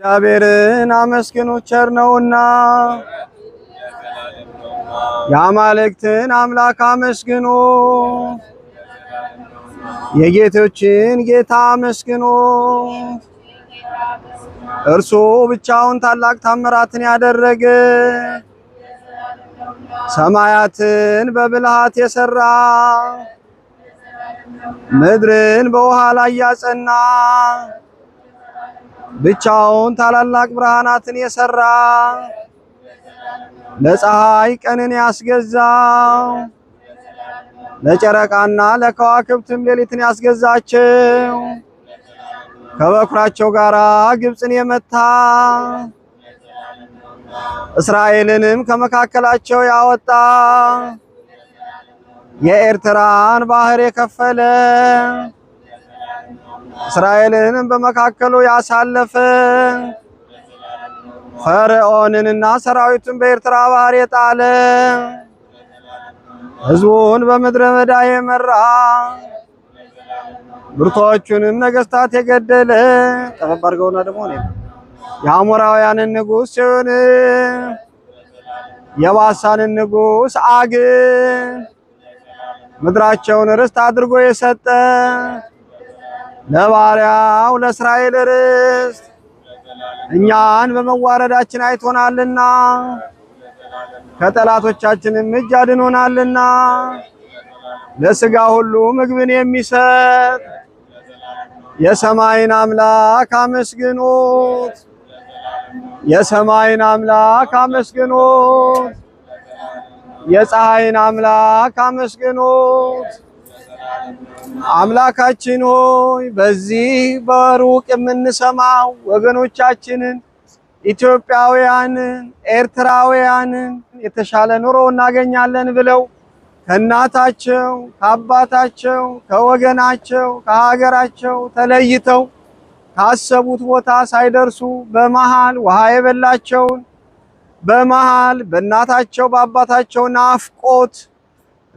እግዚአብሔርን አመስግኑ ቸር ነውና፣ የአማልክትን አምላክ አመስግኑ፣ የጌቶችን ጌታ አመስግኑ። እርሱ ብቻውን ታላቅ ታምራትን ያደረገ ሰማያትን በብልሃት የሰራ ምድርን በውሃ ላይ ያጸና ብቻውን ታላላቅ ብርሃናትን የሰራ ለፀሐይ ቀንን ያስገዛ ለጨረቃና ለከዋክብትም ሌሊትን ያስገዛቸው ከበኩራቸው ጋር ግብፅን የመታ እስራኤልንም ከመካከላቸው ያወጣ የኤርትራን ባህር የከፈለ እስራኤልንም በመካከሉ ያሳለፈ ፈርዖንንና ሰራዊቱን በኤርትራ ባህር የጣለ ህዝቡን በምድረ በዳ የመራ ብርቶቹንም ነገስታት የገደለ ጠበብ አድርገውና ደግሞ የአሞራውያንን ንጉስ ሲሆን የባሳንን ንጉስ አግ ምድራቸውን ርስት አድርጎ የሰጠ ለባሪያው ለእስራኤል ርስት እኛን በመዋረዳችን አይቶናልና ከጠላቶቻችንም እጅ አድኖናልና ለስጋ ሁሉ ምግብን የሚሰጥ የሰማይን አምላክ አመስግኖት የሰማይን አምላክ አመስግኖት የፀሐይን አምላክ አመስግኖት አምላካችን ሆይ በዚህ በሩቅ የምንሰማው ወገኖቻችንን ኢትዮጵያውያንን፣ ኤርትራውያንን የተሻለ ኑሮ እናገኛለን ብለው ከእናታቸው፣ ከአባታቸው፣ ከወገናቸው፣ ከሀገራቸው ተለይተው ካሰቡት ቦታ ሳይደርሱ በመሃል ውሃ የበላቸውን በመሃል በእናታቸው በአባታቸው ናፍቆት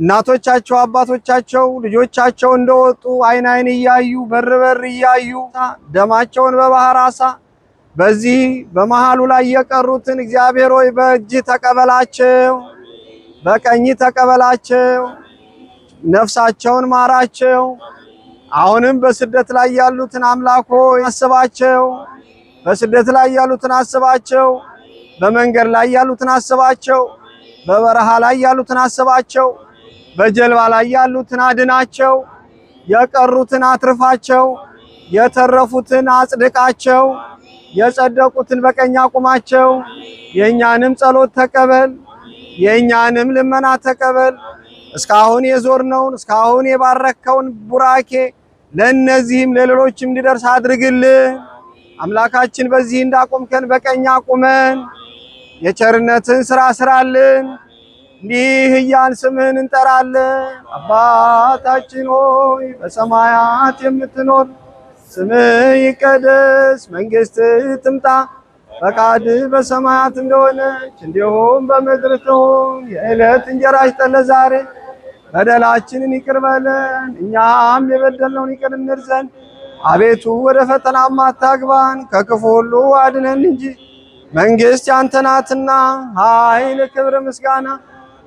እናቶቻቸው አባቶቻቸው ልጆቻቸው እንደወጡ አይን አይን እያዩ በር በር እያዩ ደማቸውን በባህር አሳ በዚህ በመሃሉ ላይ የቀሩትን እግዚአብሔር ሆይ በእጅ ተቀበላቸው፣ በቀኝ ተቀበላቸው፣ ነፍሳቸውን ማራቸው። አሁንም በስደት ላይ ያሉትን አምላክ ሆይ አስባቸው። በስደት ላይ ያሉትን አስባቸው። በመንገድ ላይ ያሉትን አስባቸው። በበረሃ ላይ ያሉትን አስባቸው። በጀልባ ላይ ያሉትን አድናቸው፣ የቀሩትን አትርፋቸው፣ የተረፉትን አጽድቃቸው፣ የጸደቁትን በቀኝ አቁማቸው። የእኛንም ጸሎት ተቀበል፣ የእኛንም ልመና ተቀበል። እስካሁን የዞርነውን እስካሁን የባረከውን ቡራኬ ለእነዚህም ለሌሎችም እንዲደርስ አድርግልን። አምላካችን በዚህ እንዳቆምከን በቀኝ አቁመን የቸርነትን ስራ ስራልን። እንዲህ እያን ስምህን እንጠራለን። አባታችን ሆይ በሰማያት የምትኖር ስምህ ይቀደስ፣ መንግስትህ ትምጣ፣ ፈቃድህ በሰማያት እንደሆነች እንዲሁም በምድር ትሁን። የዕለት እንጀራችንን ስጠን ዛሬ፣ በደላችንን ይቅር በለን እኛም የበደልነውን ይቅር እንል ዘንድ አቤቱ ወደ ፈተና አታግባን፣ ከክፉ ሁሉ አድነን እንጂ መንግስት ያንተ ናትና፣ ኃይል፣ ክብር፣ ምስጋና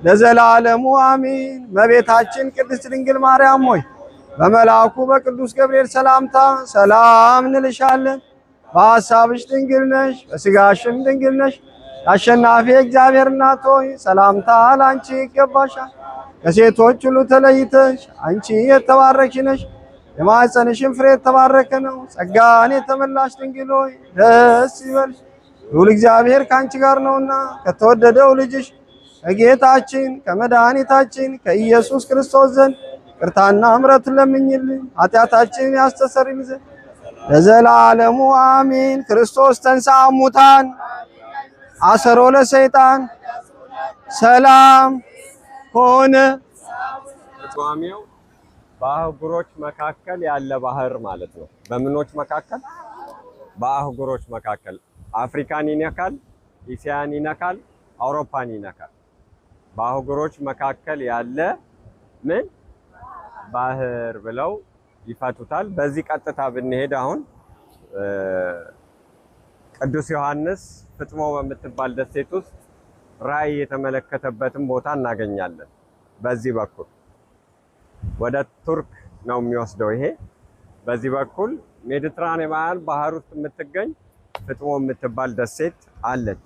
ለዘላለሙ አሚን። መቤታችን ቅድስት ድንግል ማርያም ሆይ በመልአኩ በቅዱስ ገብርኤል ሰላምታ ሰላም እንልሻለን። በሐሳብሽ ድንግል ነሽ፣ በስጋሽም ድንግል ነሽ። አሸናፊ እግዚአብሔር እናት ሆይ ሰላምታ ለአንቺ ይገባሻል። ከሴቶች ሁሉ ተለይተሽ አንቺ የተባረክሽ ነሽ፣ የማኅፀንሽም ፍሬ የተባረከ ነው። ጸጋን የተመላሽ ድንግል ሆይ ደስ ይበልሽ፣ ልዑል እግዚአብሔር ከአንቺ ጋር ነውና ከተወደደው ልጅሽ ከጌታችን ከመድኃኒታችን ከኢየሱስ ክርስቶስ ዘንድ ቅርታና እምረት ለምኝልን ኃጢአታችን ያስተሰርይ ዘንድ ለዘላለሙ አሚን። ክርስቶስ ተንሥአ እሙታን አሰሮ ለሰይጣን ሰላም ሆነ። ተቃዋሚው በአህጉሮች መካከል ያለ ባህር ማለት ነው። በምኖች መካከል በአህጉሮች መካከል አፍሪካን ይነካል፣ ኢሲያን ይነካል፣ አውሮፓን ይነካል። በአህጉሮች መካከል ያለ ምን ባህር ብለው ይፈቱታል። በዚህ ቀጥታ ብንሄድ አሁን ቅዱስ ዮሐንስ ፍጥሞ በምትባል ደሴት ውስጥ ራእይ የተመለከተበትን ቦታ እናገኛለን። በዚህ በኩል ወደ ቱርክ ነው የሚወስደው ይሄ። በዚህ በኩል ሜዲትራኒያን ባህር ውስጥ የምትገኝ ፍጥሞ የምትባል ደሴት አለች።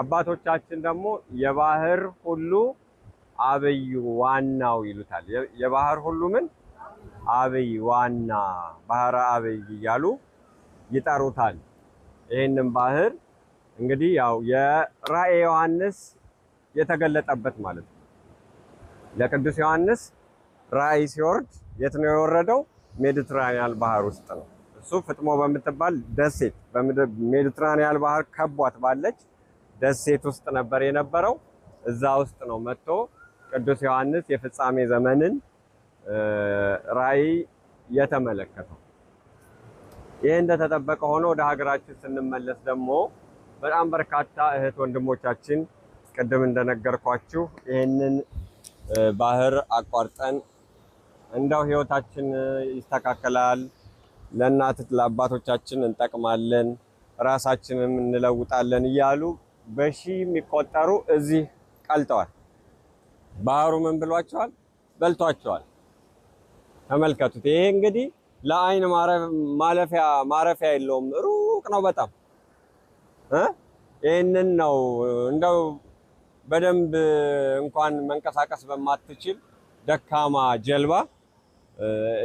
አባቶቻችን ደግሞ የባህር ሁሉ አብይ ዋናው ይሉታል። የባህር ሁሉ ምን አብይ ዋና ባህረ አብይ እያሉ ይጠሩታል። ይህንን ባህር እንግዲህ ያው የራእየ ዮሐንስ የተገለጠበት ማለት ነው። ለቅዱስ ዮሐንስ ራእይ ሲወርድ የት ነው የወረደው? ሜዲትራኒያን ባህር ውስጥ ነው። እሱ ፍጥሞ በምትባል ደሴት በሜዲትራኒያን ባህር ከቧት ባለች ደሴት ውስጥ ነበር የነበረው። እዛ ውስጥ ነው መጥቶ ቅዱስ ዮሐንስ የፍጻሜ ዘመንን ራእይ የተመለከተው። ይህ እንደተጠበቀ ሆኖ ወደ ሀገራችን ስንመለስ ደግሞ በጣም በርካታ እህት ወንድሞቻችን ቅድም እንደነገርኳችሁ ይህንን ባህር አቋርጠን እንደው ህይወታችን ይስተካከላል፣ ለእናት ለአባቶቻችን እንጠቅማለን፣ ራሳችንም እንለውጣለን እያሉ በሺ የሚቆጠሩ እዚህ ቀልጠዋል። ባህሩ ምን ብሏቸዋል? በልቷቸዋል። ተመልከቱት። ይሄ እንግዲህ ለአይን ማለፊያ ማረፊያ የለውም። ሩቅ ነው በጣም ይህንን ነው እንደው በደንብ እንኳን መንቀሳቀስ በማትችል ደካማ ጀልባ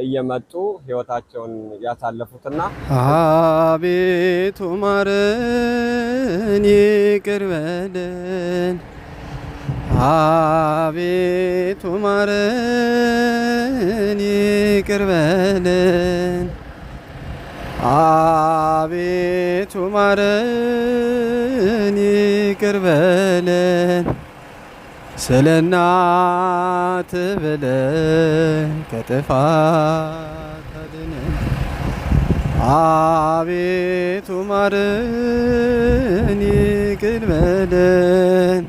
እየመጡ ህይወታቸውን ያሳለፉትና አቤቱ ማረን ይቅር በለን፣ አቤቱ ማረን ይቅር በለን፣ አቤቱ ማረን ይቅር በለን ስለ እናት ብለ ከጥፋት አድነ አቤቱ ማረን ይቅር በለን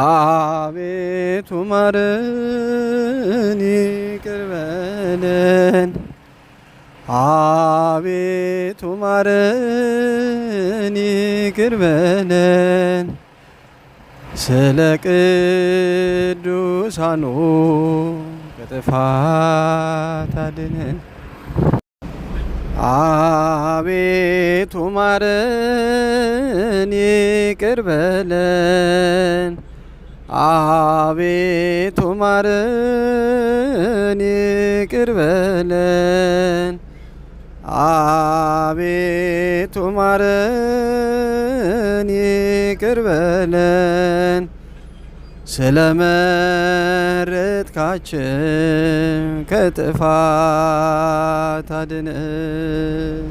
አቤቱ ማረን ይቅር በለን አቤቱ ማረን ይቅር በለን ስለ ቅዱሳኑ ከጥፋት አድነን። አቤቱ ማረን፣ ይቅር በለን። አቤቱ ማረን፣ ይቅር በለን። አቤቱ ማረን፣ ይቅር በለን ስለ መረጥካችን ከጥፋት አድነን።